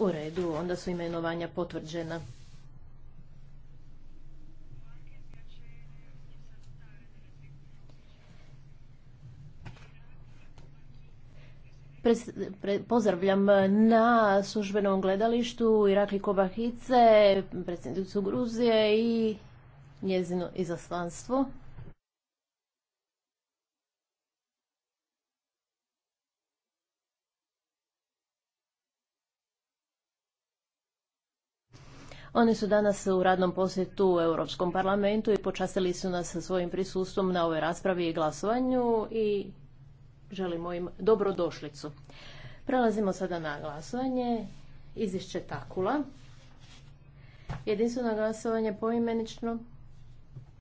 U redu, onda su imenovanja potvrđena. pozdravljam na službenom gledalištu Irakli Kobahice, predsjednicu Gruzije i njezino izaslanstvo. Oni su danas u radnom posjetu u Europskom parlamentu i počastili su nas sa svojim prisustvom na ovoj raspravi i glasovanju i želimo im dobrodošlicu. Prelazimo sada na glasovanje. Izvješće Takula. Jedinstveno glasovanje poimenično.